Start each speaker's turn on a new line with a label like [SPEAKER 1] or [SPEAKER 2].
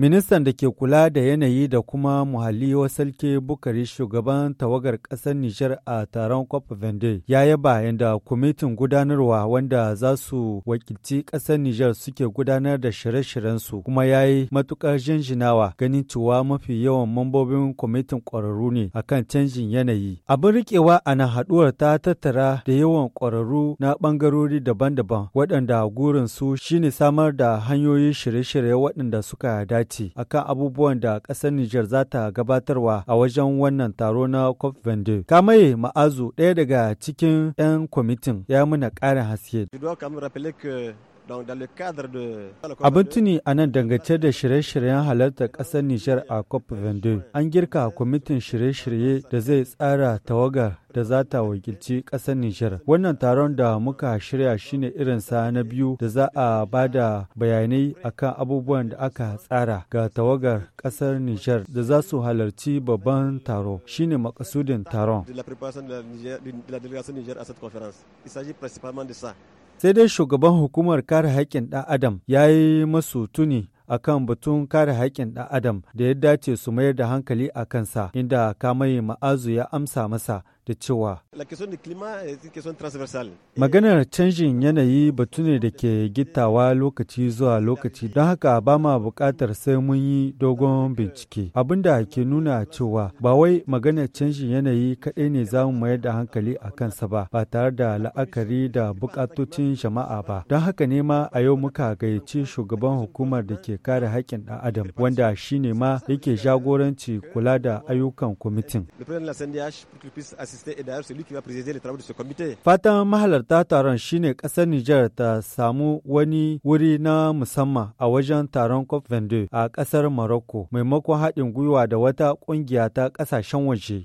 [SPEAKER 1] Ministan da ke kula da yanayi da kuma muhalli Wasalke Bukari shugaban tawagar ƙasar Nijar a taron COP Vende ya bayan da kwamitin gudanarwa wanda za su wakilci ƙasar Nijar suke gudanar da shirye shiryen su kuma ya yi matuƙar jinjinawa ganin cewa mafi yawan mambobin kwamitin ƙwararru ne akan canjin yanayi. Abin riƙewa a nan haɗuwar ta tattara da yawan ƙwararru na ɓangarori daban-daban waɗanda gurinsu shine samar da hanyoyin shirye-shirye waɗanda suka dace. gwamnati akan abubuwan da ƙasar Nijar za ta gabatarwa a wajen wannan taro na COP22. Kamaye Ma'azu ɗaya daga cikin 'yan kwamitin ya muna ƙarin haske. Abin tuni a nan dangance da shirye-shiryen halartar ƙasar Nijar a COP22, an girka kwamitin shirye-shirye da zai tsara tawagar da za ta wakilci ƙasar Nijar. Wannan taron da muka shirya shine irin sa na biyu da za a ba da bayanai akan abubuwan da aka tsara ga tawagar kasar Nijar da za su halarci babban taro shine makasudin taron. sai dai shugaban hukumar kare haƙƙin ɗan adam ya yi masu tuni a kan batun kare haƙƙin ɗan adam da ya dace su mayar da hankali a kansa inda kamai ma'azu ya amsa masa da cewa
[SPEAKER 2] eh,
[SPEAKER 1] maganar canjin yanayi batu ne da ke gittawa lokaci zuwa lokaci don haka ba ma bukatar sai mun yi dogon bincike abin da ke nuna cewa ba wai maganar canjin yanayi kaɗai ne za mu mayar da hankali a kansa ba ba tare da la'akari da buƙatocin jama'a ba don haka ne ma a yau muka gayyaci shugaban hukumar da ke kare haƙƙin ɗan adam wanda shine ma yake jagoranci kula da ayyukan kwamitin.
[SPEAKER 2] assister et d'ailleurs celui qui va présider les travaux de ce comité.
[SPEAKER 1] Fatan mahalarta taron shine kasar Niger ta samu wani wuri na musamman a wajen taron COP22 a kasar Morocco maimakon haɗin gwiwa da wata ƙungiya ta ƙasashen waje.